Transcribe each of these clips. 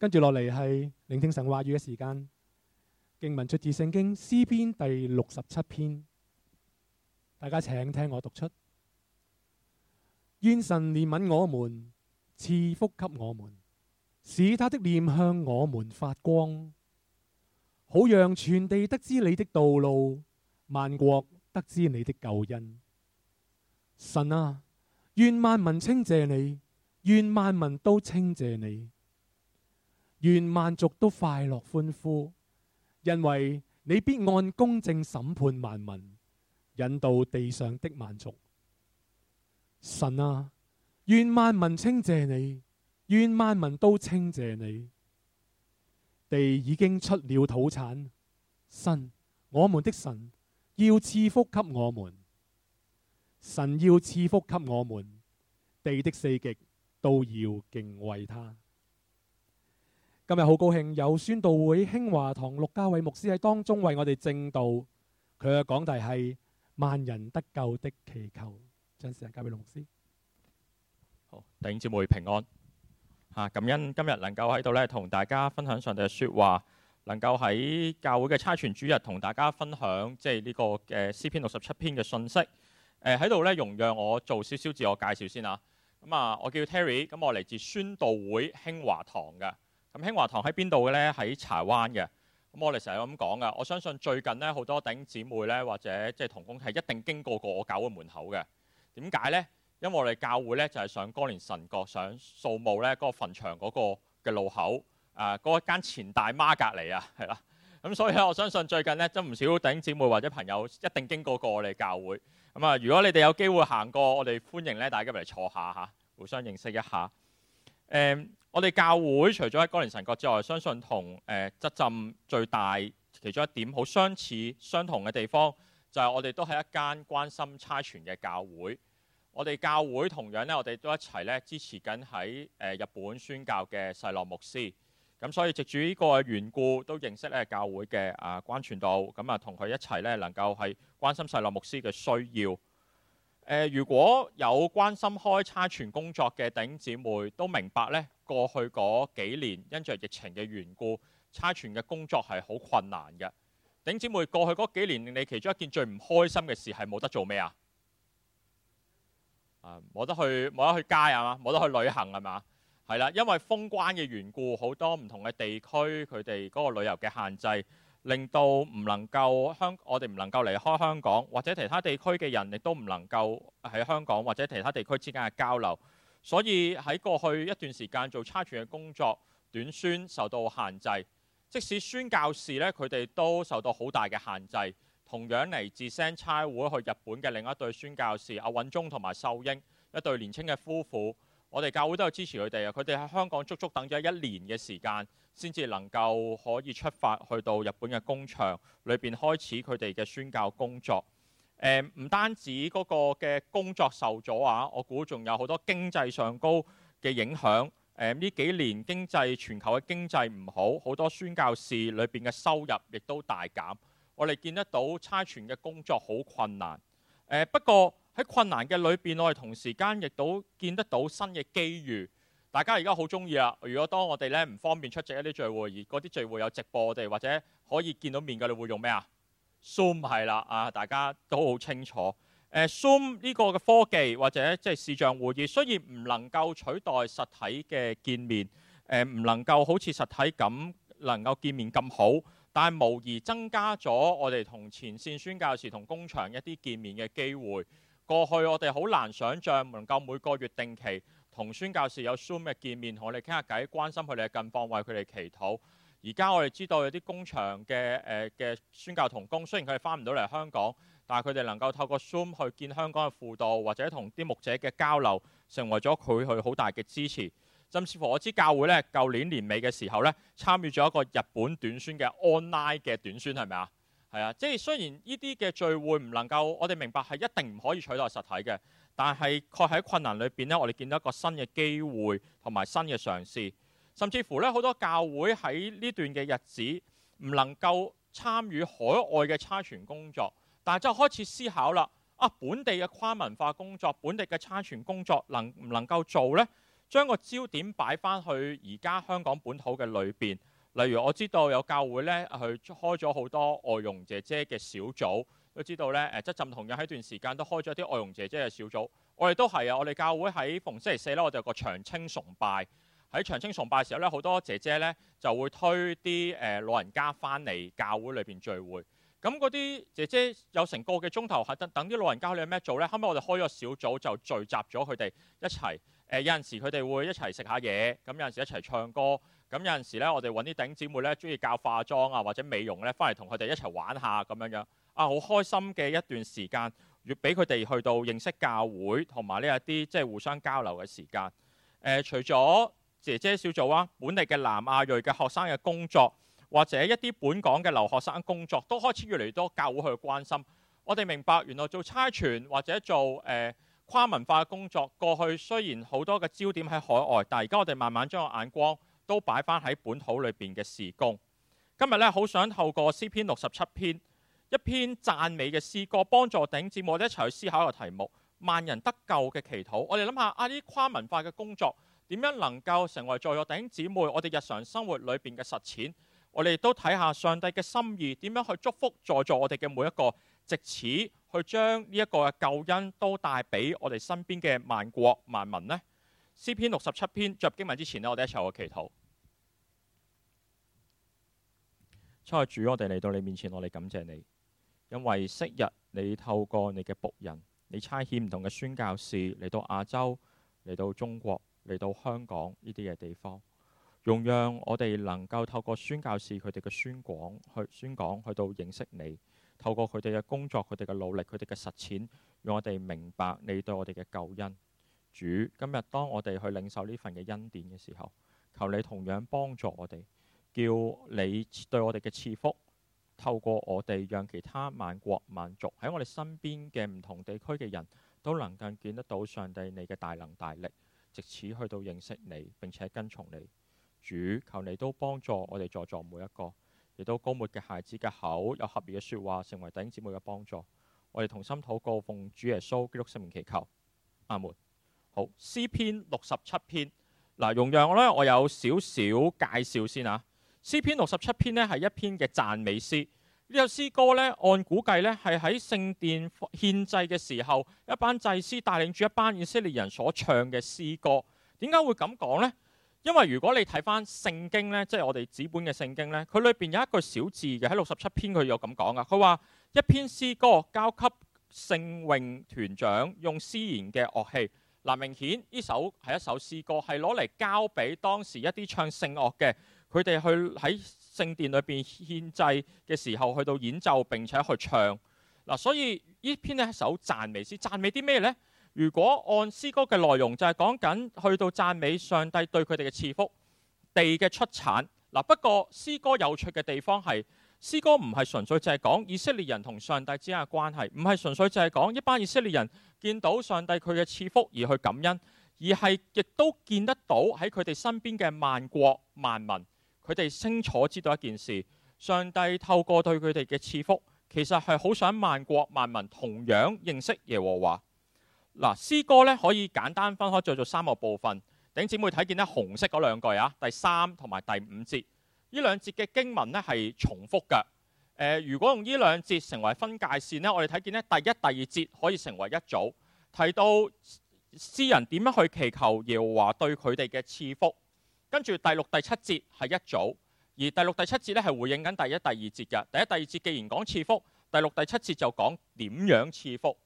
跟住落嚟係聆聽神話語嘅時間。經文出自聖經詩篇第六十七篇，大家請聽我讀出。願神憐憫我們，賜福給我們，使他的面向我們發光，好讓全地得知你的道路，萬國得知你的救恩。神啊，願萬民稱謝你，願萬民都稱謝你。願萬族都快樂歡呼，因為你必按公正審判萬民，引導地上的萬族。神啊，願萬民稱謝你，願萬民都稱謝你。地已經出了土產，神，我們的神，要賜福給我們，神要賜福給我們，地的四極都要敬畏他。今日好高興，有宣道會興華堂陸家偉牧師喺當中為我哋證道。佢嘅講題係《萬人得救的祈求》。將時間交俾牧師。好，弟兄姊妹平安。吓、啊，感恩今日能夠喺度咧，同大家分享上帝嘅說話，能夠喺教會嘅差傳主日同大家分享，即係呢個嘅詩篇六十七篇嘅信息。誒、呃，喺度咧，容讓我做少少自我介紹先啊，咁啊，我叫 Terry，咁我嚟自宣道會興華堂嘅。咁興華堂喺邊度嘅呢？喺柴灣嘅。咁我哋成日咁講㗎，我相信最近呢，好多弟兄姊妹呢，或者即係同工係一定經過過我教會門口嘅。點解呢？因為我哋教會呢，就係上歌連臣角、上掃墓呢嗰個墳場嗰個嘅路口。誒，嗰一間前大媽隔離啊，係啦。咁所以咧，我相信最近呢，真唔少弟兄姊妹或者朋友一定經過過我哋教會。咁啊，如果你哋有機會行過，我哋歡迎呢，大家入嚟坐下吓，互相認識一下。誒、嗯。我哋教會除咗喺哥年神國之外，相信同誒質浸最大其中一點好相似相同嘅地方，就係、是、我哋都係一間關心差傳嘅教會。我哋教會同樣呢，我哋都一齊咧支持緊喺日本宣教嘅細羅牧師。咁所以藉住呢個緣故，都認識咧教會嘅啊關傳道咁啊，同佢一齊咧能夠係關心細羅牧師嘅需要，呃。如果有關心開差傳工作嘅頂姐妹都明白呢。過去嗰幾年，因着疫情嘅緣故，差傳嘅工作係好困難嘅。頂姐妹，過去嗰幾年令你其中一件最唔開心嘅事係冇得做咩啊？啊，冇得去，冇得去街啊嘛，冇得去旅行啊嘛，係啦，因為封關嘅緣故，好多唔同嘅地區佢哋嗰個旅遊嘅限制，令到唔能夠香，我哋唔能夠離開香港，或者其他地區嘅人亦都唔能夠喺香港或者其他地區之間嘅交流。所以喺過去一段時間做差傳嘅工作，短宣受到限制；即使宣教士呢，佢哋都受到好大嘅限制。同樣嚟自 SEND 差會去日本嘅另一對宣教士阿韻忠同埋秀英，一對年輕嘅夫婦，我哋教會都有支持佢哋啊！佢哋喺香港足足等咗一年嘅時間，先至能夠可以出發去到日本嘅工場裏面，開始佢哋嘅宣教工作。誒唔、呃、單止嗰個嘅工作受阻啊，我估仲有好多經濟上高嘅影響。誒、呃、呢幾年經濟全球嘅經濟唔好，好多宣教士裏邊嘅收入亦都大減。我哋見得到差傳嘅工作好困難。誒、呃、不過喺困難嘅裏邊，我哋同時間亦都見得到新嘅機遇。大家而家好鍾意啊！如果當我哋咧唔方便出席一啲聚會，而嗰啲聚會有直播我哋，或者可以見到面嘅，你會用咩啊？Zoom 係啦，啊，大家都好清楚。Zoom 呢個嘅科技或者即係視像會議雖然唔能夠取代實體嘅見面，誒唔能夠好似實體咁能夠見面咁好，但係無疑增加咗我哋同前線宣教士同工場一啲見面嘅機會。過去我哋好難想像能夠每個月定期同宣教士有 Zoom 嘅見面，我哋傾下偈，關心佢哋嘅近況，為佢哋祈禱。而家我哋知道有啲工場嘅誒嘅宣教同工，雖然佢哋翻唔到嚟香港，但係佢哋能夠透過 Zoom 去見香港嘅輔導，或者同啲牧者嘅交流，成為咗佢去好大嘅支持。甚至乎我知道教會呢，舊年年尾嘅時候呢，參與咗一個日本短宣嘅 online 嘅短宣，係咪啊？係啊，即係雖然呢啲嘅聚會唔能夠，我哋明白係一定唔可以取代實體嘅，但係確喺困難裏邊呢，我哋見到一個新嘅機會同埋新嘅嘗試。甚至乎咧，好多教會喺呢段嘅日子唔能夠參與海外嘅差傳工作，但係就開始思考啦。啊，本地嘅跨文化工作、本地嘅差傳工作能唔能夠做呢？將個焦點擺翻去而家香港本土嘅裏邊。例如，我知道有教會呢去開咗好多外傭姐姐嘅小組。都知道咧，誒，即係浸同樣喺段時間都開咗啲外傭姐姐嘅小組。我哋都係啊！我哋教會喺逢星期四呢，我哋有個長青崇拜。喺長青崇拜嘅時候咧，好多姐姐咧就會推啲誒老人家翻嚟教會裏邊聚會。咁嗰啲姐姐有成個幾鐘頭喺度等啲老人家可以咩做咧？後尾我哋開咗小組，就聚集咗佢哋一齊。誒、呃、有陣時佢哋會一齊食下嘢，咁有陣時一齊唱歌。咁有陣時咧，我哋揾啲頂姊妹咧，中意教化妝啊或者美容咧，翻嚟同佢哋一齊玩下咁樣樣。啊，好開心嘅一段時間，要俾佢哋去到認識教會同埋呢一啲即係互相交流嘅時間。誒、呃，除咗姐姐小組啊，本地嘅南亞裔嘅學生嘅工作，或者一啲本港嘅留學生工作，都開始越嚟越多教會去關心。我哋明白原來做差傳或者做誒、呃、跨文化嘅工作，過去雖然好多嘅焦點喺海外，但係而家我哋慢慢將個眼光都擺翻喺本土裏邊嘅事工。今日呢，好想透過詩篇六十七篇一篇讚美嘅詩歌幫頂，幫助頂尖我哋一齊去思考一個題目：萬人得救嘅祈禱。我哋諗下啊，啲跨文化嘅工作。點樣能夠成為在座弟兄姊妹？我哋日常生活裏邊嘅實踐，我哋都睇下上帝嘅心意點樣去祝福在座我哋嘅每一個，藉此去將呢一個嘅救恩都帶俾我哋身邊嘅萬國萬民呢。詩篇六十七篇，進入經文之前咧，我哋一齊我祈禱。親愛的主，我哋嚟到你面前，我哋感謝你，因為昔日你透過你嘅僕人，你差遣唔同嘅宣教士嚟到亞洲，嚟到中國。嚟到香港呢啲嘅地方，用，讓我哋能夠透過宣教士佢哋嘅宣廣去宣講去到認識你。透過佢哋嘅工作、佢哋嘅努力、佢哋嘅實踐，讓我哋明白你對我哋嘅救恩。主，今日當我哋去領受呢份嘅恩典嘅時候，求你同樣幫助我哋，叫你對我哋嘅賜福透過我哋，讓其他萬國萬族喺我哋身邊嘅唔同地區嘅人都能夠見得到上帝你嘅大能大力。直至去到認識你並且跟從你，主求你都幫助我哋在座每一個，亦都膏抹嘅孩子嘅口有合宜嘅説話，成為弟兄姊妹嘅幫助。我哋同心禱告，奉主耶穌基督聖名祈求，阿門。好，詩篇六十七篇嗱，容讓咧，我有少少介紹先啊。詩篇六十七篇咧，係一篇嘅讚美詩。呢首詩歌呢，按估計呢，係喺聖殿獻祭嘅時候，一班祭司帶領住一班以色列人所唱嘅詩歌。點解會咁講呢？因為如果你睇返聖經呢，即係我哋紙本嘅聖經呢，佢裏邊有一個小字嘅，喺六十七篇，佢有咁講㗎。佢話一篇詩歌交給聖詠團長用詩言嘅樂器。嗱，明顯呢首係一首詩歌，係攞嚟交俾當時一啲唱聖樂嘅佢哋去喺聖殿裏邊獻祭嘅時候，去到演奏並且去唱。嗱，所以呢篇呢首讚美詩讚美啲咩呢？如果按詩歌嘅內容，就係講緊去到讚美上帝對佢哋嘅賜福、地嘅出產。嗱，不過詩歌有趣嘅地方係，詩歌唔係純粹就係講以色列人同上帝之間嘅關係，唔係純粹就係講一班以色列人見到上帝佢嘅賜福而去感恩，而係亦都見得到喺佢哋身邊嘅萬國萬民。佢哋清楚知道一件事，上帝透過對佢哋嘅賜福，其實係好想萬國萬民同樣認識耶和華。嗱，詩歌咧可以簡單分開，做做三個部分。頂姊妹睇見呢紅色嗰兩句啊，第三同埋第五節，呢兩節嘅經文呢係重複嘅。誒、呃，如果用呢兩節成為分界線呢，我哋睇見呢第一、第二節可以成為一組，提到詩人點樣去祈求耶和華對佢哋嘅賜福。跟住第六第七節係一組，而第六第七節咧係回應緊第一第二節嘅。第一第二節既然講賜福，第六第七節就講點樣賜福。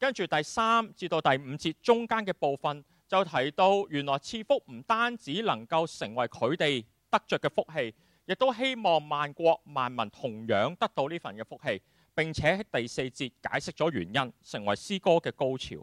跟住第三至到第五節中間嘅部分就提到，原來賜福唔單止能夠成為佢哋得着嘅福氣，亦都希望萬國萬民同樣得到呢份嘅福氣。並且喺第四節解釋咗原因，成為詩歌嘅高潮，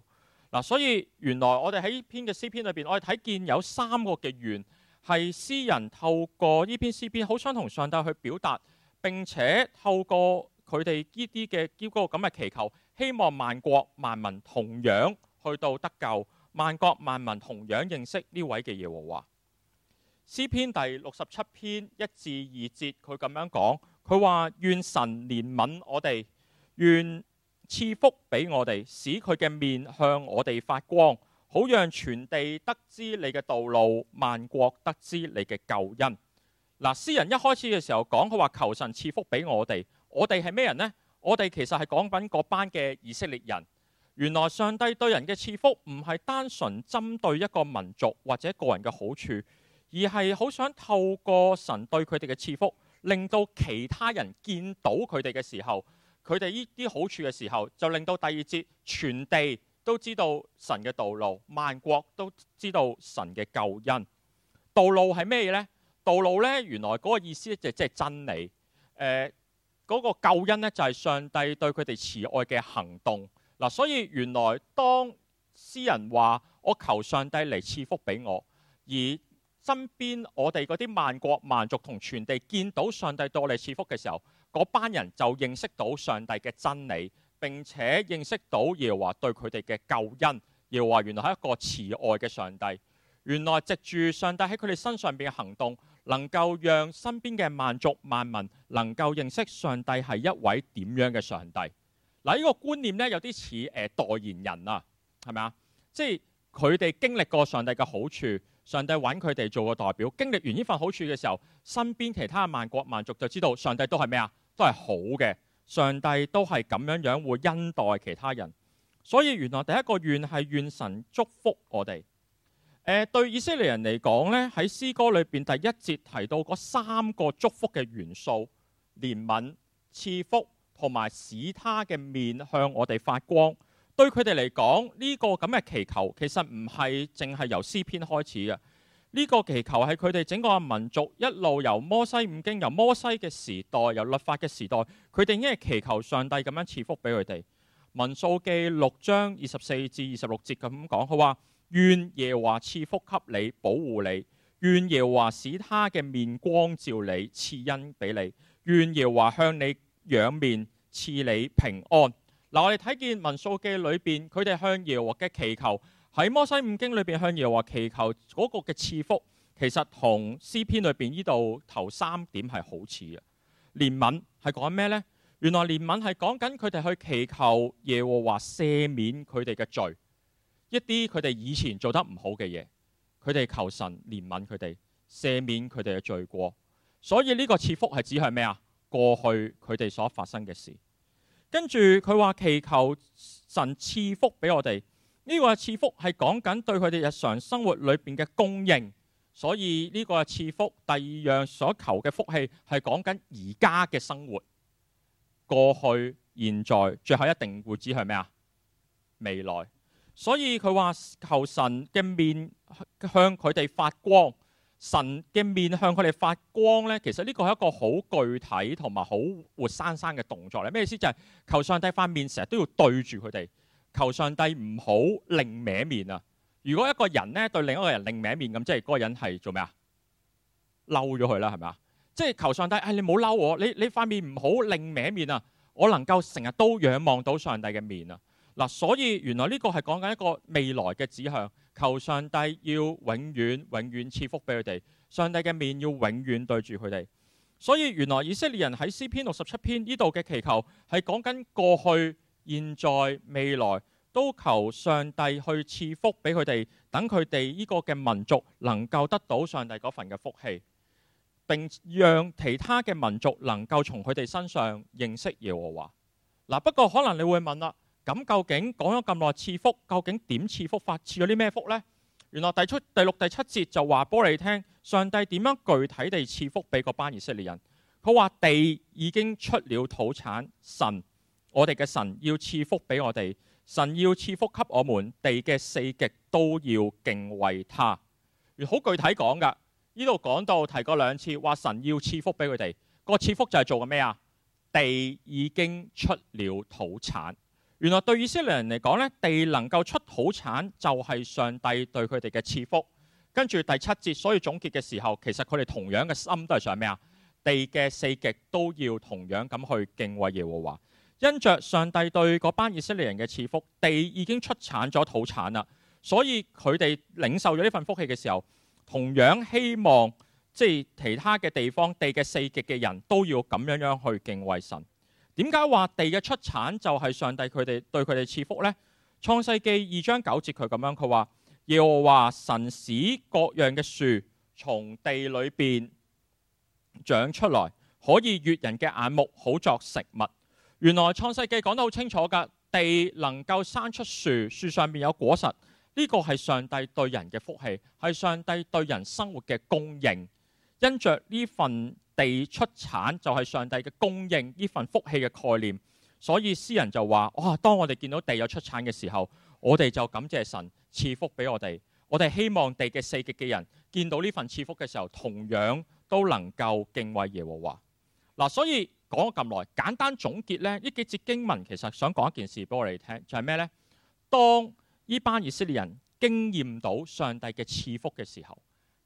嗱、啊。所以原來我哋喺篇嘅詩篇裏面，我哋睇見有三個嘅願。係，是詩人透過呢篇詩篇，好想同上帝去表達，並且透過佢哋呢啲嘅嗰個咁嘅祈求，希望萬國萬民同樣去到得救，萬國萬民同樣認識呢位嘅耶和華。詩篇第六十七篇一至二節他這，佢咁樣講，佢話願神憐憫我哋，願賜福俾我哋，使佢嘅面向我哋發光。好讓全地得知你嘅道路，萬國得知你嘅救恩。嗱，詩人一開始嘅時候講，佢話求神賜福俾我哋。我哋係咩人呢？我哋其實係講緊嗰班嘅以色列人。原來上帝對人嘅賜福唔係單純針對一個民族或者個人嘅好處，而係好想透過神對佢哋嘅賜福，令到其他人見到佢哋嘅時候，佢哋呢啲好處嘅時候，就令到第二節全地。都知道神嘅道路，萬國都知道神嘅救恩。道路係咩嘢呢？道路呢，原來嗰個意思呢就係真理。嗰、呃嗰個救恩呢，就係、是、上帝對佢哋慈愛嘅行動。嗱、啊，所以原來當詩人話我求上帝嚟賜福俾我，而身邊我哋嗰啲萬國萬族同全地見到上帝對我哋賜福嘅時候，嗰班人就認識到上帝嘅真理。並且認識到耶和華對佢哋嘅救恩，耶和華原來係一個慈愛嘅上帝。原來藉住上帝喺佢哋身上嘅行動，能夠讓身邊嘅萬族萬民能夠認識上帝係一位點樣嘅上帝。嗱，呢個觀念咧有啲似誒代言人啊，係咪啊？即係佢哋經歷過上帝嘅好處，上帝揾佢哋做個代表。經歷完呢份好處嘅時候，身邊其他嘅萬國萬族就知道上帝都係咩啊？都係好嘅。上帝都係咁樣養護恩待其他人，所以原來第一個願係願神祝福我哋。對對以色列人嚟講呢，喺詩歌裏面第一節提到嗰三個祝福嘅元素：憐憫、賜福同埋使他嘅面向我哋發光。對佢哋嚟講，呢個咁嘅祈求其實唔係淨係由詩篇開始嘅。呢個祈求係佢哋整個民族一路由摩西五經，由摩西嘅時代，由律法嘅時代，佢哋已經係祈求上帝咁樣賜福俾佢哋。民數記六章二十四至二十六節咁講，佢話願耶華賜福給你，保護你；願耶華使他嘅面光照你，賜恩俾你；願耶華向你仰面，賜你平安。嗱，我哋睇見民數記裏邊佢哋向耶和華嘅祈求。喺摩西五經裏邊，裏面向耶和華祈求嗰個嘅賜福，其實同詩篇裏邊呢度頭三點係好似嘅。憐憫係講咩呢？原來憐憫係講緊佢哋去祈求耶和華赦免佢哋嘅罪，一啲佢哋以前做得唔好嘅嘢，佢哋求神憐憫佢哋，赦免佢哋嘅罪過。所以呢個賜福係指向咩啊？過去佢哋所發生嘅事。跟住佢話祈求神賜福俾我哋。呢個係賜福，係講緊對佢哋日常生活裏邊嘅供應，所以呢個係賜福。第二樣所求嘅福氣係講緊而家嘅生活，過去、現在，最後一定會指向咩啊？未來。所以佢話求神嘅面向佢哋發光，神嘅面向佢哋發光呢，其實呢個係一個好具體同埋好活生生嘅動作嚟。咩意思？就係求上帝塊面，成日都要對住佢哋。求上帝唔好另歪面啊！如果一個人呢對另一個人另歪面咁，即係嗰個人係做咩啊？嬲咗佢啦，係咪啊？即係求上帝，哎，你冇嬲我，你你塊面唔好另歪面啊！我能夠成日都仰望到上帝嘅面啊！嗱，所以原來呢個係講緊一個未來嘅指向，求上帝要永遠永遠賜福俾佢哋，上帝嘅面要永遠對住佢哋。所以原來以色列人喺詩篇六十七篇呢度嘅祈求係講緊過去現在未來都求上帝去賜福俾佢哋，等佢哋呢個嘅民族能夠得到上帝嗰份嘅福氣，並讓其他嘅民族能夠從佢哋身上認識耶和華。嗱，不過可能你會問啦，咁究竟講咗咁耐賜福，究竟點賜福？發賜咗啲咩福呢？原來第出第六第七節就話俾你聽上帝點樣具體地賜福俾個班以色列人。佢話地已經出了土產，神。我哋嘅神要賜福俾我哋，神要賜福給我們，地嘅四極都要敬畏他。好具體講噶，呢度講到提過兩次，話神要賜福俾佢哋。個賜福就係做緊咩啊？地已經出了土產，原來對以色列人嚟講呢，地能夠出土產就係上帝對佢哋嘅賜福。跟住第七節，所以總結嘅時候，其實佢哋同樣嘅心都係想咩啊？地嘅四極都要同樣咁去敬畏耶和華。因着上帝對嗰班以色列人嘅賜福，地已經出產咗土產啦，所以佢哋領受咗呢份福氣嘅時候，同樣希望即係其他嘅地方，地嘅四極嘅人都要咁樣樣去敬畏神。點解話地嘅出產就係上帝佢哋對佢哋賜福呢？創世記二章九節佢咁樣佢話：要話神使各樣嘅樹從地裏面長出來，可以悅人嘅眼目，好作食物。原來創世記講得好清楚㗎，地能夠生出樹，樹上面有果實，呢、這個係上帝對人嘅福氣，係上帝對人生活嘅供應。因着呢份地出產就係上帝嘅供應，呢份福氣嘅概念，所以詩人就話：哇、哦！當我哋見到地有出產嘅時候，我哋就感謝神賜福俾我哋。我哋希望地嘅四極嘅人見到呢份賜福嘅時候，同樣都能夠敬畏耶和華。嗱、啊，所以。講咗咁耐，簡單總結呢，呢幾節經文其實想講一件事俾我哋聽，就係咩呢？當呢班以色列人經驗到上帝嘅賜福嘅時候，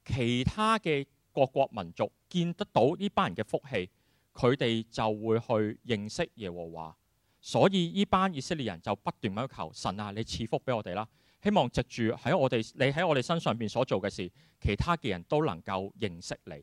其他嘅各國民族見得到呢班人嘅福氣，佢哋就會去認識耶和華。所以呢班以色列人就不斷咁求神啊，你賜福俾我哋啦，希望藉住喺我哋你喺我哋身上邊所做嘅事，其他嘅人都能夠認識你。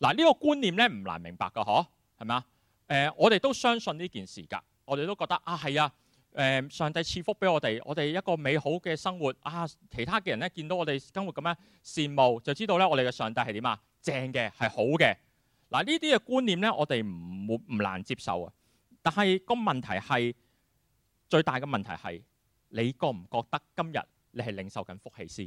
嗱，呢個觀念呢，唔難明白噶，嗬。係咪啊？誒、呃，我哋都相信呢件事㗎。我哋都覺得啊，係啊，誒、呃，上帝賜福俾我哋，我哋一個美好嘅生活啊。其他嘅人咧，見到我哋生活咁樣羨慕，就知道咧，我哋嘅上帝係點啊？正嘅係好嘅。嗱，呢啲嘅觀念咧，我哋唔唔難接受啊。但係個問題係最大嘅問題係，你覺唔覺得今日你係領受緊福氣先？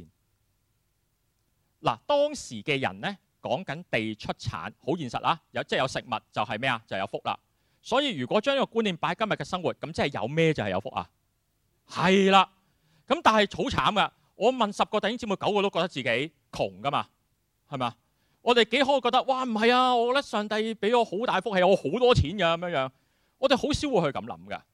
嗱、啊，當時嘅人咧。講緊地出產好現實啦，有即係、就是、有食物就係咩啊？就係、是、有福啦。所以如果將呢個觀念擺喺今日嘅生活，咁即係有咩就係有福啊？係啦。咁但係好慘噶。我問十個弟兄姊妹，九個都覺得自己窮噶嘛？係嘛？我哋幾可覺得？哇，唔係啊！我覺得上帝俾我好大福，係我好多錢噶、啊、咁樣樣。我哋好少會去咁諗噶，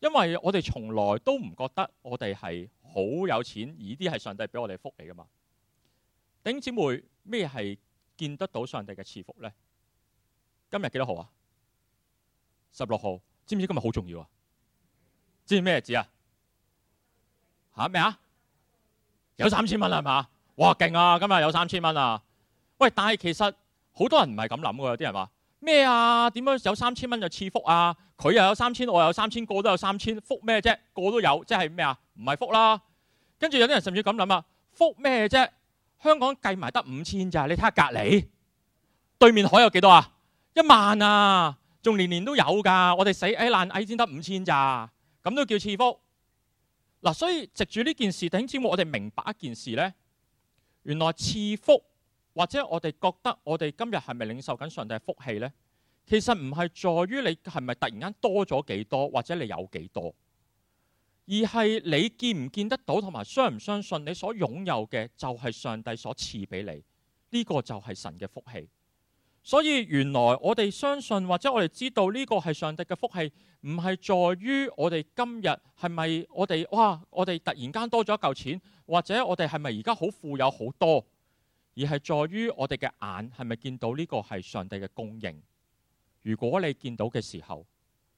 因為我哋從來都唔覺得我哋係好有錢，而啲係上帝俾我哋福嚟噶嘛。弟兄姊妹。咩係見得到上帝嘅賜福咧？今日幾多號啊？十六號，知唔知今日好重要啊？知唔知咩字啊？吓咩啊？有三千蚊啦，係嘛？哇，勁啊！今日有三千蚊啊！喂，但係其實好多人唔係咁諗嘅。有啲人話咩啊？點樣有三千蚊就賜福啊？佢又有三千，我又有三千，個都有三千，福咩啫？個都有，即係咩啊？唔係福啦。跟住有啲人甚至咁諗啊：福咩啫？香港計埋得五千咋？你睇下隔離對面海有幾多啊？一萬啊，仲年年都有㗎。我哋死誒爛、欸、矮先得五千咋，咁都叫賜福嗱。所以藉住呢件事，頂尖我哋明白一件事呢：原來賜福或者我哋覺得我哋今日係咪領受緊上帝嘅福氣呢？其實唔係在於你係咪突然間多咗幾多，或者你有幾多。而係你見唔見得到，同埋相唔相信你所擁有嘅就係上帝所賜俾你，呢個就係神嘅福氣。所以原來我哋相信或者我哋知道呢個係上帝嘅福氣，唔係在於我哋今日係咪我哋哇我哋突然間多咗一嚿錢，或者我哋係咪而家好富有好多，而係在於我哋嘅眼係咪見到呢個係上帝嘅供應。如果你見到嘅時候。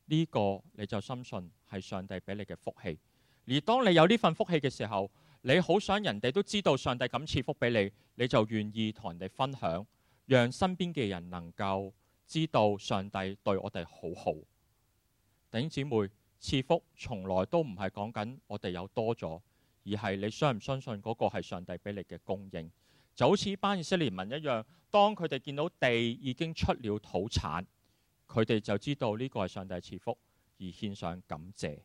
呢個你就深信係上帝俾你嘅福氣，而當你有呢份福氣嘅時候，你好想人哋都知道上帝咁賜福俾你，你就願意同人哋分享，讓身邊嘅人能夠知道上帝對我哋好好。弟兄姊妹，賜福從來都唔係講緊我哋有多咗，而係你相唔相信嗰個係上帝俾你嘅供應，就好似班以色列民一樣，當佢哋見到地已經出了土產。佢哋就知道呢個係上帝賜福而獻上感謝。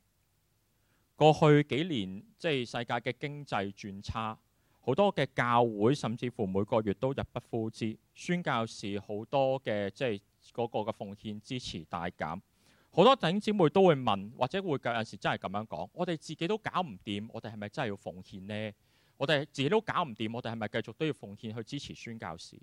過去幾年即係世界嘅經濟轉差，好多嘅教會甚至乎每個月都入不敷支，宣教士好多嘅即係嗰個嘅奉獻支持大減。好多弟兄姊妹都會問，或者會有陣時真係咁樣講：我哋自己都搞唔掂，我哋係咪真係要奉獻呢？我哋自己都搞唔掂，我哋係咪繼續都要奉獻去支持宣教士？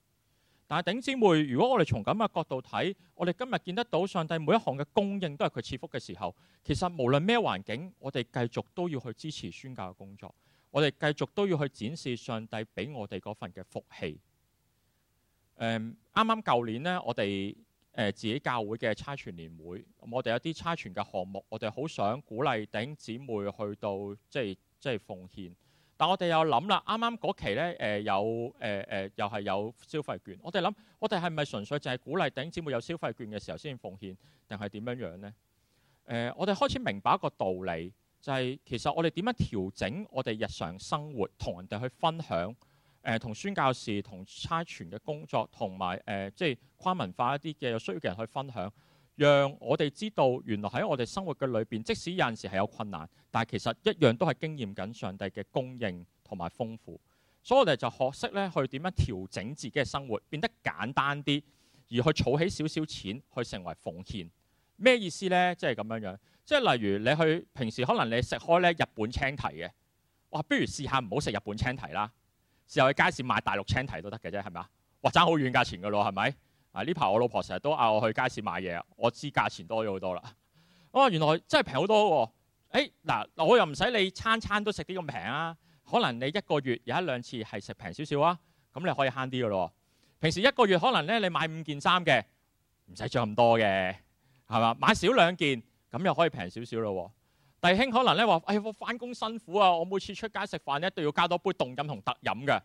但係，頂姊妹，如果我哋從咁嘅角度睇，我哋今日見得到上帝每一項嘅供應都係佢賜福嘅時候，其實無論咩環境，我哋繼續都要去支持宣教嘅工作，我哋繼續都要去展示上帝俾我哋嗰份嘅福氣。啱啱舊年呢，我哋自己教會嘅差傳年會，我哋有啲差傳嘅項目，我哋好想鼓勵頂姊妹去到即係即係奉獻。但我哋又諗啦，啱啱嗰期咧，有、呃呃呃呃、又係有消費券。我哋諗，我哋係咪純粹淨係鼓勵頂姊妹有消費券嘅時候先奉獻，定係點樣樣呢？呃、我哋開始明白一個道理，就係、是、其實我哋點樣調整我哋日常生活，同人哋去分享，同宣教士、同差傳嘅工作，同埋即係跨文化一啲嘅有需要嘅人去分享。呃讓我哋知道，原來喺我哋生活嘅裏邊，即使有陣時係有困難，但係其實一樣都係經驗緊上帝嘅供應同埋豐富。所以我哋就學識咧，去點樣調整自己嘅生活，變得簡單啲，而去儲起少少錢去成為奉獻。咩意思呢？即係咁樣樣，即係例如你去平時可能你食開咧日本青提嘅，哇！如試不如試下唔好食日本青提啦，試下去街市買大陸青提都得嘅啫，係咪啊？哇！爭好遠價錢㗎咯，係咪？呢排我老婆成日都嗌我去街市買嘢，我知價錢多咗好多啦。我原來真係平好多喎。嗱、欸、我又唔使你餐餐都食啲咁平啊。可能你一個月有一兩次係食平少少啊。咁你可以慳啲嘅咯。平時一個月可能咧你買五件衫嘅，唔使着咁多嘅，係嘛？買少兩件咁又可以平少少咯。弟兄可能咧話：哎我翻工辛苦啊！我每次出街食飯咧都要加多杯凍飲同特飲嘅。誒、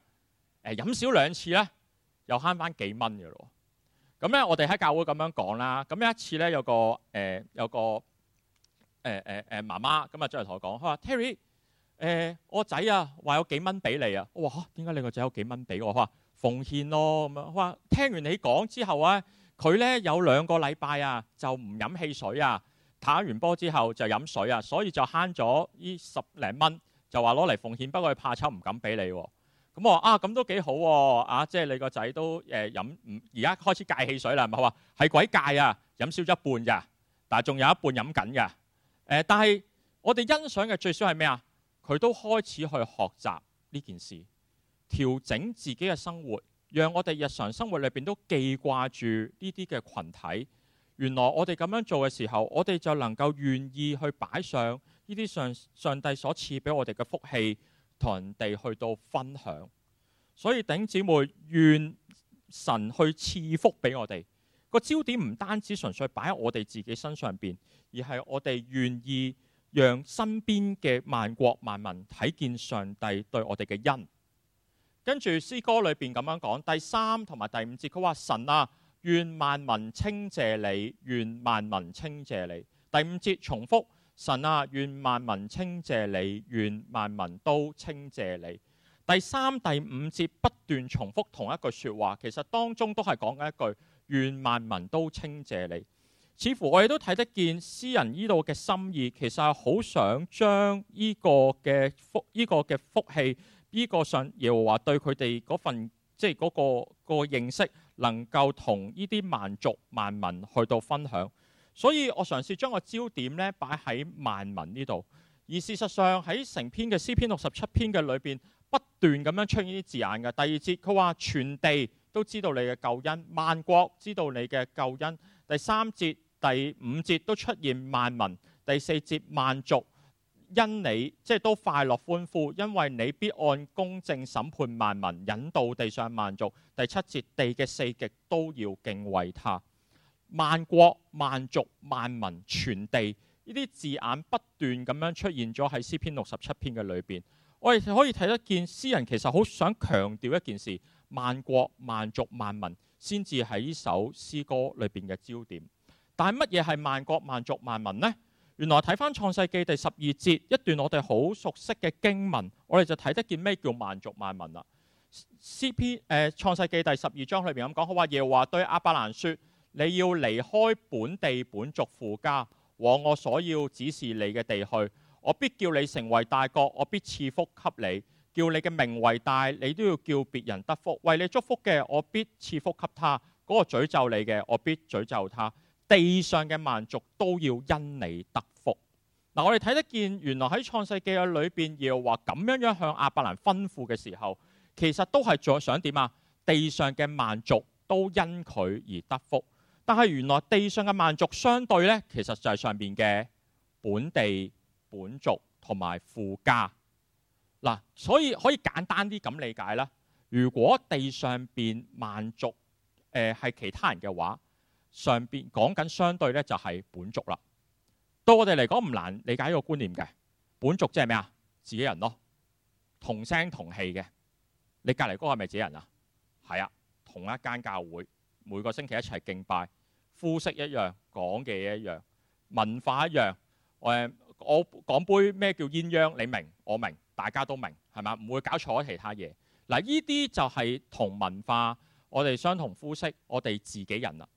呃、飲少兩次咧，又慳翻幾蚊嘅咯。咁咧，我哋喺教會咁樣講啦。咁有一次咧、呃，有個誒有個誒誒誒媽媽咁啊，呃呃呃、媽媽就嚟同我講，佢話：Terry，誒、呃、我仔啊，話有幾蚊俾你啊。我話點解你個仔有幾蚊俾我？佢話奉獻咯咁啊。佢話聽完你講之後啊，佢咧有兩個禮拜啊，就唔飲汽水啊，打完波之後就飲水啊，所以就慳咗依十零蚊，就話攞嚟奉獻。他不過佢怕醜唔敢俾你喎。咁我話啊，咁都幾好喎、啊！啊，即係你個仔都誒、呃、飲唔而家開始戒汽水啦，唔係話係鬼戒啊，飲少一半咋，但仲有一半飲緊嘅、呃。但係我哋欣賞嘅最少係咩啊？佢都開始去學習呢件事，調整自己嘅生活，讓我哋日常生活裏面都記掛住呢啲嘅群體。原來我哋咁樣做嘅時候，我哋就能夠願意去擺上呢啲上上帝所賜俾我哋嘅福氣。同人哋去到分享，所以頂姊妹願神去賜福俾我哋個焦點唔單止純粹擺喺我哋自己身上邊，而係我哋願意讓身邊嘅萬國萬民睇見上帝對我哋嘅恩。跟住詩歌裏邊咁樣講，第三同埋第五節佢話神啊，願萬民稱謝你，願萬民稱謝你。第五節重複。神啊，願萬民稱謝你，願萬民都稱謝你。第三、第五節不斷重複同一句說話，其實當中都係講緊一句：願萬民都稱謝你。似乎我哋都睇得見詩人依度嘅心意，其實係好想將依個嘅福、依、這個嘅福氣、依、這個上耶和華對佢哋嗰份，即係、那、嗰個、那個認識，能夠同依啲萬族萬民去到分享。所以我嘗試將個焦點咧擺喺萬民呢度，而事實上喺成篇嘅詩篇六十七篇嘅裏邊不斷咁樣出現呢啲字眼嘅。第二節佢話全地都知道你嘅救恩，萬國知道你嘅救恩。第三節、第五節都出現萬民，第四節萬族因你即係、就是、都快樂歡呼，因為你必按公正審判萬民，引導地上萬族。第七節地嘅四極都要敬畏他。萬國、萬族、萬民，全地呢啲字眼不斷咁樣出現咗喺詩篇六十七篇嘅裏邊。我哋可以睇得見詩人其實好想強調一件事：萬國、萬族、萬民先至係呢首詩歌裏邊嘅焦點。但係乜嘢係萬國、萬族、萬民呢？原來睇翻創世記第十二節一段我哋好熟悉嘅經文，我哋就睇得見咩叫萬族萬民啦。C.P. 呃、創世記第十二章裏面咁講，好話耶和華對亞伯蘭說。說你要離開本地本族父家，往我所要指示你嘅地去。我必叫你成為大國，我必賜福給你，叫你嘅名為大。你都要叫別人得福。為你祝福嘅，我必賜福給他；嗰、那個詛咒你嘅，我必詛咒他。地上嘅萬族都要因你得福。嗱，我哋睇得見，原來喺創世記裏面耶和華咁樣樣向亞伯蘭吩咐嘅時候，其實都係在想點啊？地上嘅萬族都因佢而得福。但係原來地上嘅萬族相對咧，其實就係上邊嘅本地本族同埋父家。嗱、啊，所以可以簡單啲咁理解啦。如果地上邊萬族誒係、呃、其他人嘅話，上邊講緊相對咧就係、是、本族啦。對我哋嚟講唔難理解呢個觀念嘅，本族即係咩啊？自己人咯，同聲同氣嘅。你隔離嗰個係咪自己人啊？係啊，同一間教會。每個星期一齊敬拜，膚色一樣，講嘅嘢一樣，文化一樣。我講杯咩叫鴛鴦，你明，我明，大家都明，係咪？唔會搞錯其他嘢。嗱，呢啲就係同文化我哋相同膚色，我哋自己人啦。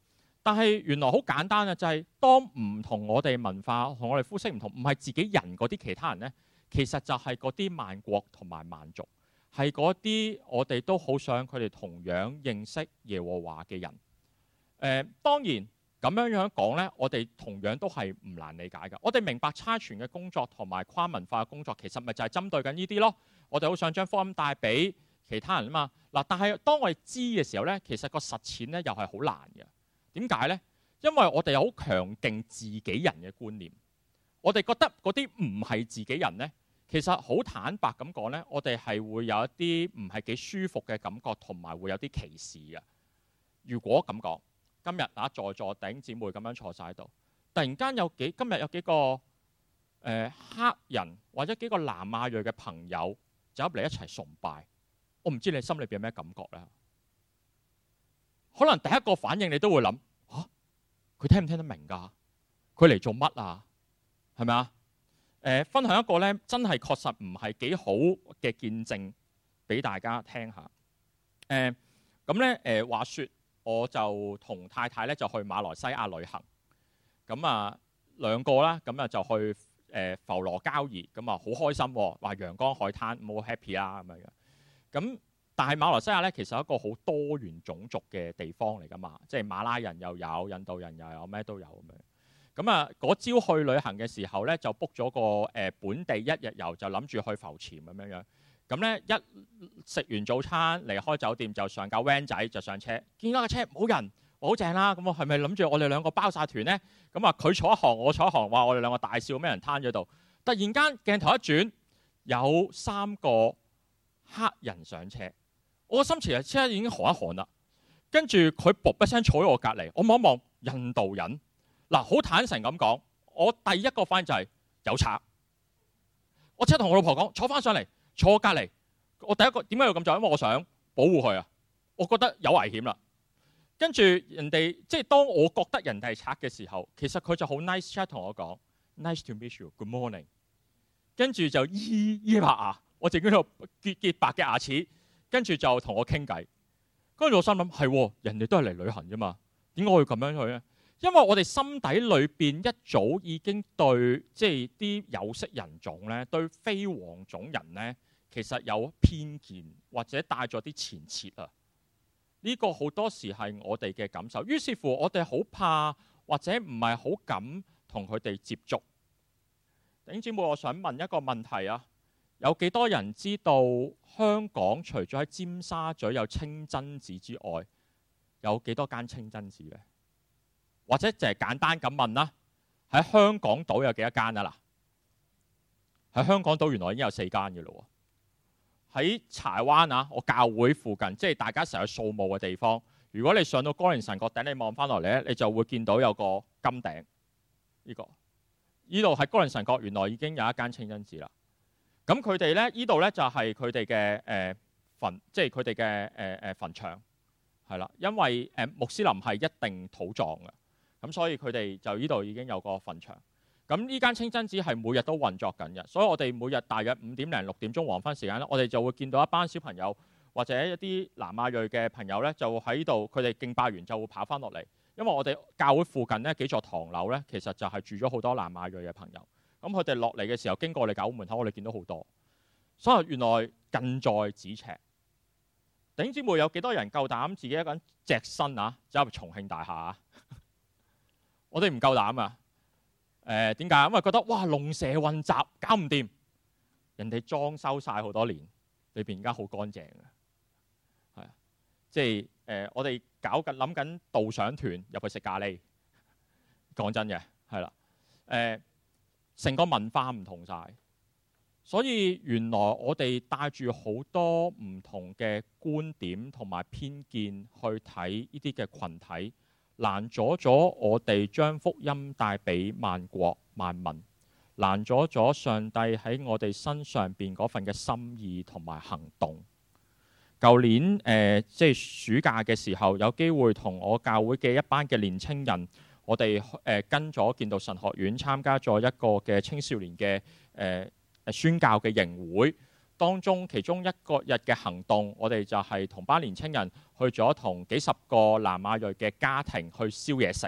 但係原來好簡單啊，就係當唔同我哋文化同我哋膚色唔同，唔係自己人嗰啲其他人呢，其實就係嗰啲萬國同埋萬族。係嗰啲我哋都好想佢哋同樣認識耶和華嘅人、呃。誒，當然咁樣樣講呢，我哋同樣都係唔難理解㗎。我哋明白差傳嘅工作同埋跨文化嘅工作，其實咪就係針對緊呢啲咯。我哋好想將福音帶俾其他人啊嘛。嗱，但係當我哋知嘅時候呢，其實個實踐呢又係好難嘅。點解呢？因為我哋有好強勁自己人嘅觀念，我哋覺得嗰啲唔係自己人呢。其實好坦白咁講呢，我哋係會有一啲唔係幾舒服嘅感覺，同埋會有啲歧視嘅。如果咁講，今日啊，座座頂姊妹咁樣坐晒喺度，突然間有幾今日有幾個、呃、黑人或者幾個南亞裔嘅朋友走入嚟一齊崇拜，我唔知你心裏邊有咩感覺咧？可能第一個反應你都會諗嚇，佢、啊、聽唔聽得明㗎？佢嚟做乜啊？係咪啊？誒、呃、分享一個咧，真係確實唔係幾好嘅見證俾大家聽一下。誒咁咧，誒、呃、話説我就同太太咧就去馬來西亞旅行，咁啊兩個啦，咁啊就去誒浮羅交怡。咁啊好開心、啊，話陽光海灘，好 happy 啦、啊、咁樣。咁但係馬來西亞咧，其實係一個好多元種族嘅地方嚟噶嘛，即係馬拉人又有，印度人又有，咩都有咁樣。咁啊，嗰朝去旅行嘅時候呢，就 book 咗個本地一日遊，就諗住去浮潛咁樣樣。咁呢，一食完早餐，離開酒店就上架 van 仔，就上車。見到架車冇人，我好正啦。咁我係咪諗住我哋兩個包曬團呢？咁啊，佢坐一行，我坐一行，嘩我哋兩個大笑咩人攤咗度。突然間鏡頭一轉，有三個黑人上車。我個心情即刻已經寒一寒啦。跟住佢噗一聲坐喺我隔離，我望一望印度人。嗱，好坦誠咁講，我第一個反應就係有賊。我即刻同我老婆講，坐翻上嚟，坐我隔離。我第一個點解要咁做，因為我想保護佢啊。我覺得有危險啦。跟住人哋即係當我覺得人哋係賊嘅時候，其實佢就好 nice，chat 即係同我講 nice to meet you，good morning。着嗯、我做着跟住就咿咿白牙，我正見到潔潔白嘅牙齒。跟住就同我傾偈。跟住我心諗係、哦，人哋都係嚟旅行啫嘛，點解我要咁樣去咧？因為我哋心底裏邊一早已經對即係啲有色人種呢，對非黃種人呢，其實有偏見或者帶咗啲前設啊。呢個好多時係我哋嘅感受，於是乎我哋好怕或者唔係好敢同佢哋接觸。頂姊妹，我想問一個問題啊：有幾多人知道香港除咗喺尖沙咀有清真寺之外，有幾多間清真寺呢？或者就係簡單咁問啦，喺香港島有幾多間啊？嗱，喺香港島原來已經有四間嘅咯喎。喺柴灣啊，我教會附近，即係大家成日去掃墓嘅地方。如果你上到高靈神閣頂，你望翻落嚟咧，你就會見到有個金頂，呢、呢個呢度喺高靈神閣原來已經有一間清真寺啦。咁佢哋咧，呢度咧就係佢哋嘅誒墳，即係佢哋嘅誒誒墳場，係、呃、啦，因為誒、呃、穆斯林係一定土葬嘅。咁所以佢哋就呢度已經有個墳場。咁呢間清真寺係每日都運作緊嘅，所以我哋每日大約五點零六點鐘黃昏時間咧，我哋就會見到一班小朋友或者一啲南亞裔嘅朋友咧，就喺度佢哋敬拜完就會跑翻落嚟。因為我哋教會附近呢幾座唐樓咧，其實就係住咗好多南亞裔嘅朋友。咁佢哋落嚟嘅時候經過，我哋教會門口，我哋見到好多。所以原來近在咫尺，頂子會有幾多人夠膽自己一個人隻身啊走入重慶大廈啊？我哋唔夠膽啊！誒點解？因為覺得哇，龍蛇混雜，搞唔掂。人哋裝修晒好多年，裏邊而家好乾淨，即係、呃、我哋搞緊諗緊導賞團入去食咖喱。講真嘅，係啦，成、呃、個文化唔同晒，所以原來我哋帶住好多唔同嘅觀點同埋偏見去睇呢啲嘅群體。攔阻咗我哋將福音帶俾萬國萬民，攔阻咗上帝喺我哋身上邊嗰份嘅心意同埋行動。舊年誒、即、呃、係、就是、暑假嘅時候，有機會同我教會嘅一班嘅年青人，我哋誒、呃、跟咗建道神學院參加咗一個嘅青少年嘅誒、呃、宣教嘅營會。當中其中一個日嘅行動，我哋就係同班年青人去咗同幾十個南亞裔嘅家庭去燒嘢食。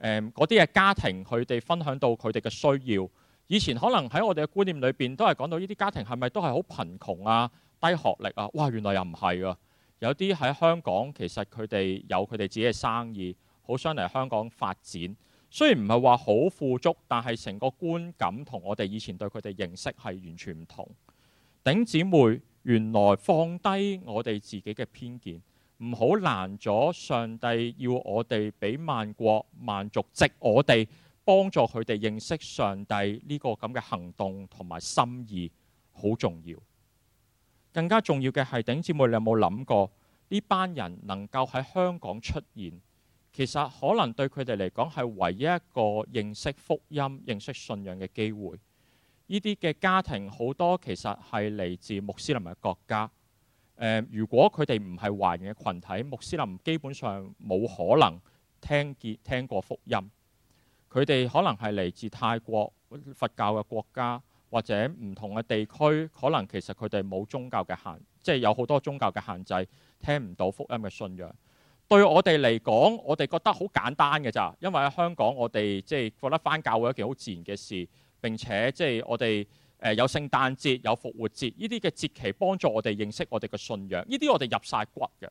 嗰啲嘅家庭佢哋分享到佢哋嘅需要。以前可能喺我哋嘅觀念裏邊都係講到呢啲家庭係咪都係好貧窮啊、低學歷啊？哇，原來又唔係㗎，有啲喺香港其實佢哋有佢哋自己嘅生意，好想嚟香港發展。雖然唔係話好富足，但係成個觀感同我哋以前對佢哋認識係完全唔同。頂姊妹，原來放低我哋自己嘅偏見，唔好攔阻上帝要我哋俾萬國萬族藉我哋幫助佢哋認識上帝呢個咁嘅行動同埋心意，好重要。更加重要嘅係，頂姊妹，你有冇諗過呢班人能夠喺香港出現，其實可能對佢哋嚟講係唯一一個認識福音、認識信仰嘅機會。呢啲嘅家庭好多其實係嚟自穆斯林嘅國家。呃、如果佢哋唔係華人嘅群體，穆斯林基本上冇可能聽見聽過福音。佢哋可能係嚟自泰國佛教嘅國家，或者唔同嘅地區，可能其實佢哋冇宗教嘅限制，即係有好多宗教嘅限制，聽唔到福音嘅信仰。對我哋嚟講，我哋覺得好簡單嘅咋，因為喺香港我，我哋即係覺得返教會一件好自然嘅事。並且即係我哋誒、呃、有聖誕節、有復活節呢啲嘅節期，幫助我哋認識我哋嘅信仰。呢啲我哋入晒骨嘅。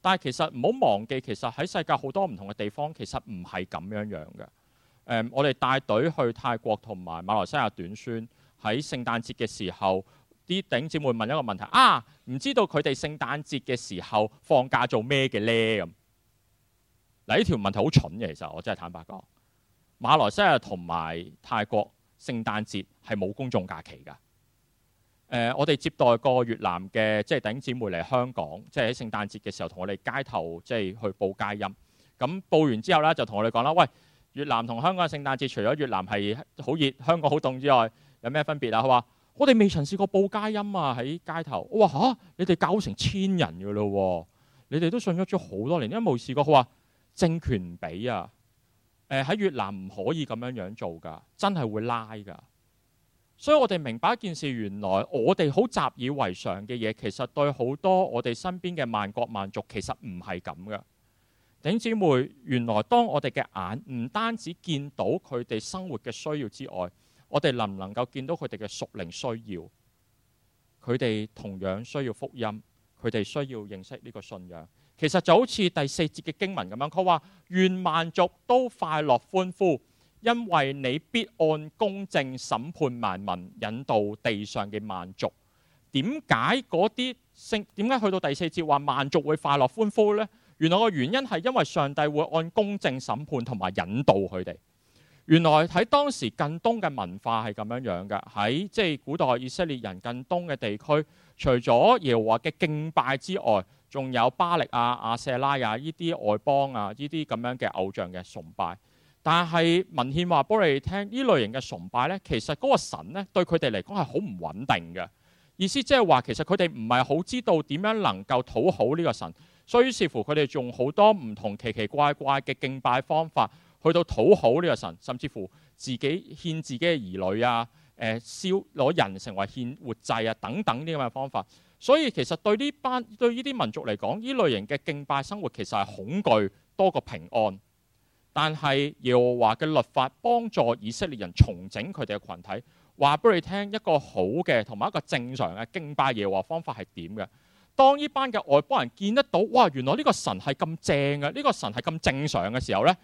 但係其實唔好忘記，其實喺世界好多唔同嘅地方，其實唔係咁樣樣嘅、嗯。我哋帶隊去泰國同埋馬來西亞短宣，喺聖誕節嘅時候，啲頂姊妹問一個問題：「啊，唔知道佢哋聖誕節嘅時候放假做咩嘅呢？」咁嗱，呢條問題好蠢嘅，其實我真係坦白講，馬來西亞同埋泰國。聖誕節係冇公眾假期㗎。誒、呃，我哋接待過越南嘅即係弟兄姊妹嚟香港，即係喺聖誕節嘅時候同我哋街頭即係、就是、去報佳音。咁報完之後咧，就同我哋講啦：喂，越南同香港嘅聖誕節，除咗越南係好熱，香港好凍之外，有咩分別啊？佢話：我哋未曾試過報佳音啊，喺街頭。我話、啊、你哋搞成千人㗎咯，你哋都信咗咗好多年，因為冇試過。佢話政權唔畀啊。喺越南唔可以咁樣樣做噶，真係會拉噶。所以我哋明白一件事，原來我哋好習以為常嘅嘢，其實對好多我哋身邊嘅萬國萬族，其實唔係咁噶。頂姊妹，原來當我哋嘅眼唔單止見到佢哋生活嘅需要之外，我哋能唔能夠見到佢哋嘅屬靈需要？佢哋同樣需要福音，佢哋需要認識呢個信仰。其實就好似第四節嘅經文咁樣，佢話願萬族都快樂歡呼，因為你必按公正審判萬民，引導地上嘅萬族。點解嗰啲聖點解去到第四節話萬族會快樂歡呼呢？原來個原因係因為上帝會按公正審判同埋引導佢哋。原來喺當時近東嘅文化係咁樣樣嘅，喺即係古代以色列人近東嘅地區，除咗耶和華嘅敬拜之外，仲有巴力啊、阿、啊、舍拉啊呢啲外邦啊呢啲咁樣嘅偶像嘅崇拜，但係文獻話俾你哋聽呢類型嘅崇拜咧，其實嗰個神咧對佢哋嚟講，係好唔穩定嘅，意思即係話其實，佢哋唔係好知道點樣能夠討好呢個神，所以似乎佢哋用好多唔同奇奇怪怪嘅敬拜方法去到討好呢個神，甚至乎自己獻自己嘅兒女啊、誒、呃、燒攞人成為獻活祭啊等等呢咁嘅方法。所以其實對呢班對呢啲民族嚟講，呢類型嘅敬拜生活其實係恐懼多過平安。但係耶和華嘅律法幫助以色列人重整佢哋嘅群體，話俾你聽一個好嘅同埋一個正常嘅敬拜耶和華方法係點嘅。當呢班嘅外邦人見得到哇，原來呢個神係咁正嘅，呢、呢個神係咁正常嘅時候呢，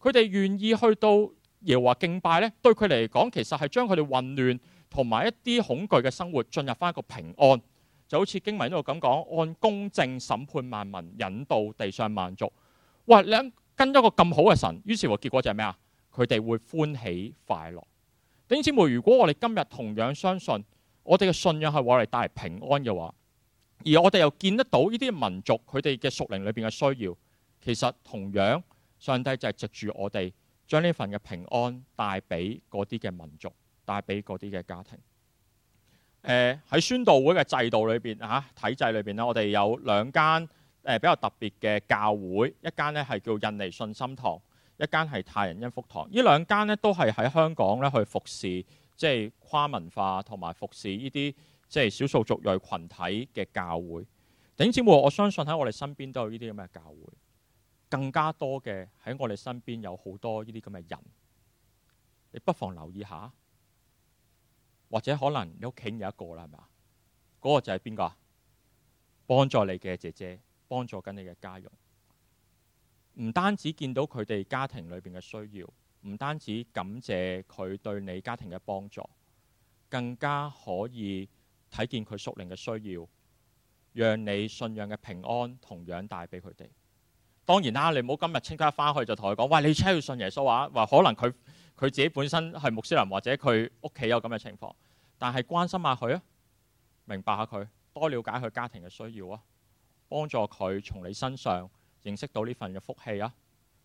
佢哋願意去到耶和華敬拜呢，對佢嚟講其實係將佢哋混亂同埋一啲恐懼嘅生活進入翻一個平安。就好似經文呢度咁講，按公正審判萬民，引導地上萬族。哇，你跟咗個咁好嘅神，於是乎結果就係咩啊？佢哋會歡喜快樂。弟兄姊妹，如果我哋今日同樣相信，我哋嘅信仰係為我哋帶嚟平安嘅話，而我哋又見得到呢啲民族佢哋嘅屬靈裏邊嘅需要，其實同樣上帝就係藉住我哋，將呢份嘅平安帶俾嗰啲嘅民族，帶俾嗰啲嘅家庭。誒喺、呃、宣道會嘅制度裏邊嚇體制裏邊咧，我哋有兩間誒比較特別嘅教會，一間咧係叫印尼信心堂，一間係泰人恩福堂。這兩間呢兩間咧都係喺香港咧去服侍，即係跨文化同埋服侍呢啲即係少數族裔群體嘅教會。頂姊妹，我相信喺我哋身邊都有呢啲咁嘅教會，更加多嘅喺我哋身邊有好多呢啲咁嘅人，你不妨留意一下。或者可能你屋企有一個啦，係嘛？嗰、嗰個就係邊個啊？幫助你嘅姐姐，幫助緊你嘅家用。唔單止見到佢哋家庭裏邊嘅需要，唔單止感謝佢對你家庭嘅幫助，更加可以睇見佢屬靈嘅需要，讓你信仰嘅平安同樣帶俾佢哋。當然啦，你唔好今日清家返去就同佢講，喂，你出去信耶穌啊！話可能佢。佢自己本身係穆斯林，或者佢屋企有咁嘅情況，但係關心下佢啊，明白下佢，多了解佢家庭嘅需要啊，幫助佢從你身上認識到呢份嘅福氣啊。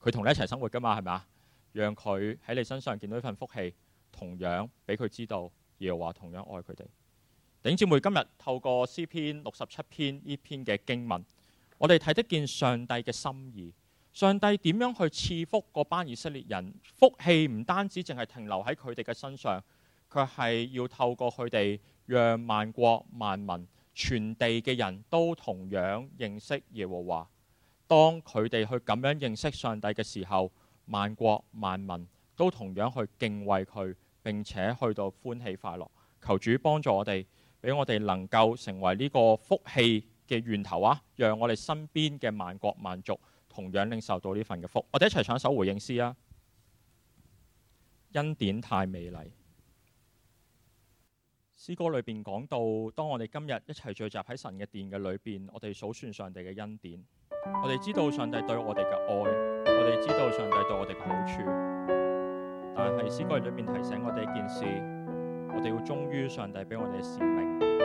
佢同你一齊生活㗎嘛，係咪啊？讓佢喺你身上見到呢份福氣，同樣俾佢知道耶和華同樣愛佢哋。頂姊妹今日透過詩篇六十七篇呢篇嘅經文，我哋睇得見上帝嘅心意。上帝點樣去賜福嗰班以色列人？福氣唔單止淨係停留喺佢哋嘅身上，佢係要透過佢哋，讓萬國萬民、全地嘅人都同樣認識耶和華。當佢哋去咁樣認識上帝嘅時候，萬國萬民都同樣去敬畏佢，並且去到歡喜快樂。求主幫助我哋，俾我哋能夠成為呢個福氣嘅源頭啊！讓我哋身邊嘅萬國萬族。同樣領受到呢份嘅福，我哋一齊唱一首回應詩啊！恩典太美麗。詩歌裏邊講到，當我哋今日一齊聚集喺神嘅殿嘅裏邊，我哋數算上帝嘅恩典。我哋知道上帝對我哋嘅愛，我哋知道上帝對我哋嘅好處。但係詩歌裏邊提醒我哋一件事，我哋要忠於上帝俾我哋嘅使命。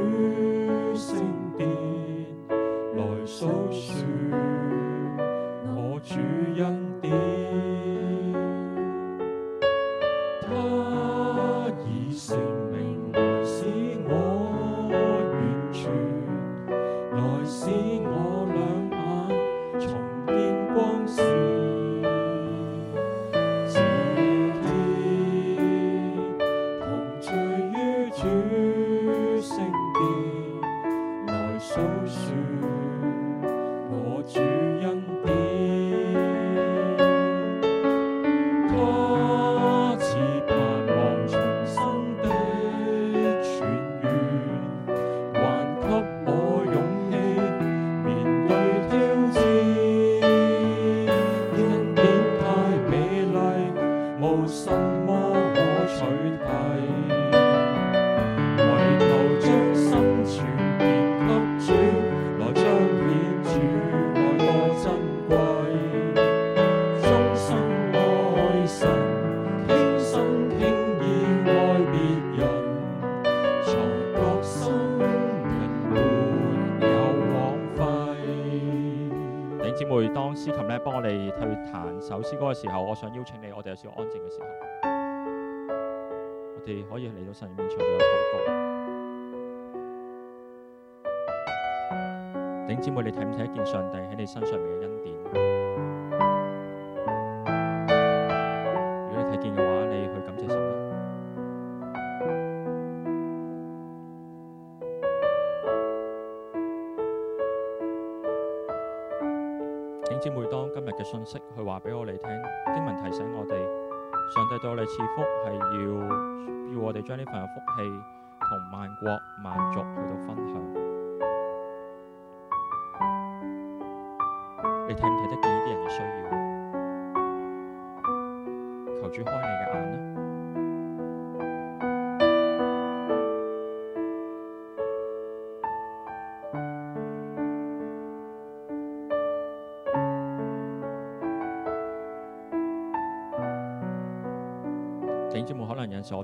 司琴咧，幫我哋去彈首詩歌嘅時候，我想邀請你，我哋有少少安靜嘅時候，我哋可以嚟到神面前唱一首禱告。頂、嗯、姊妹，你睇唔睇一見上帝喺你身上面嘅恩典？似乎係要要我哋將呢份福氣同萬國萬族去到分享，你睇唔睇得見呢啲人嘅需要？求主開你嘅眼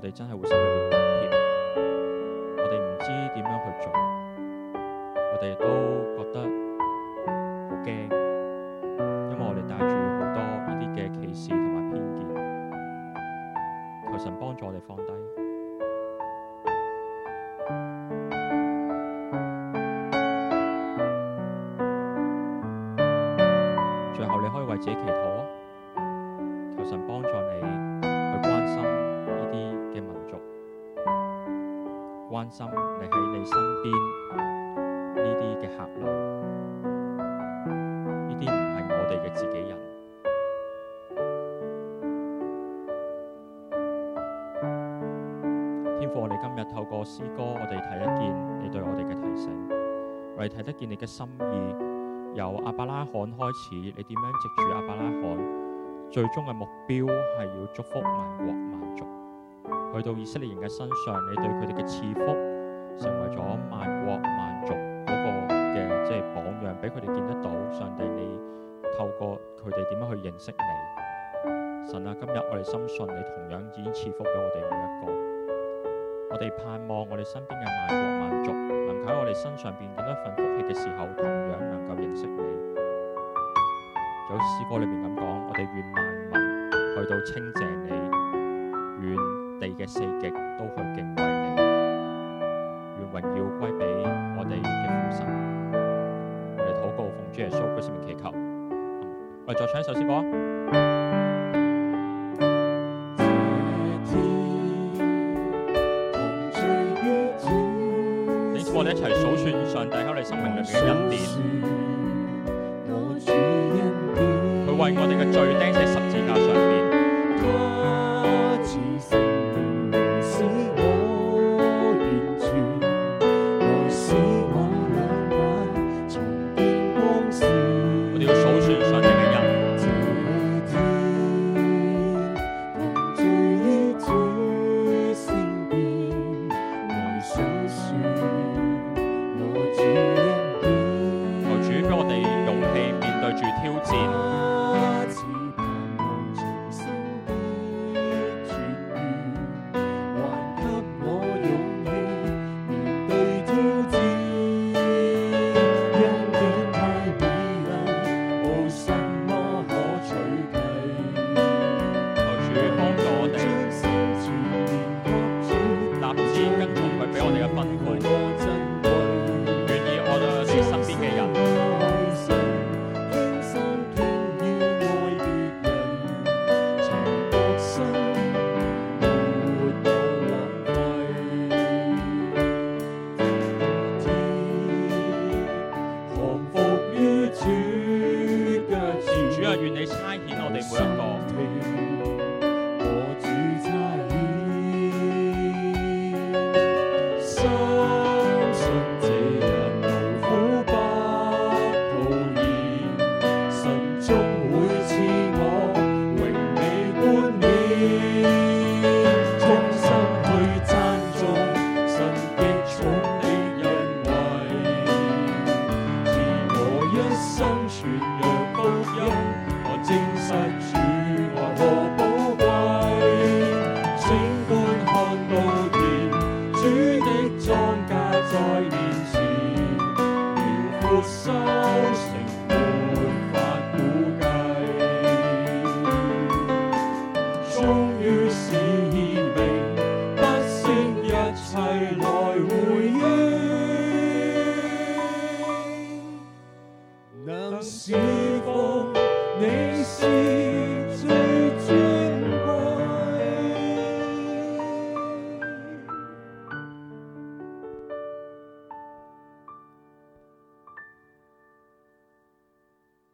我哋真係活心入面，我哋唔知點樣去做，我哋都覺得好驚，因為我哋帶住好多呢啲嘅歧視同埋偏見，求神幫助我哋放低。最後你可以為自己祈禱。心，你喺你身邊呢啲嘅客旅，呢啲唔係我哋嘅自己人。天父，我哋今日透過詩歌，我哋睇得見你對我哋嘅提醒，我哋睇得見你嘅心意，由亞伯拉罕開始，你點樣藉住亞伯拉罕，最終嘅目標係要祝福萬國。去到以色列人嘅身上，你對佢哋嘅賜福，成為咗萬國萬族嗰個嘅即係榜樣，俾佢哋見得到。上帝，你透過佢哋點樣去認識你？神啊，今日我哋深信你同樣已經賜福俾我哋每一個。我哋盼望我哋身邊嘅萬國萬族，能喺我哋身上邊點一份福氣嘅時候，同樣能夠認識你。有詩歌裏邊咁講，我哋願萬民去到稱頌你，嘅四極都去敬畏你，願榮耀歸俾我哋嘅父神。我哋禱告奉主耶穌嘅聖名祈求，我哋再唱一首詩歌。你我哋一齊數算上帝喺我哋生命裏邊嘅恩典，佢為我哋嘅罪釘死十。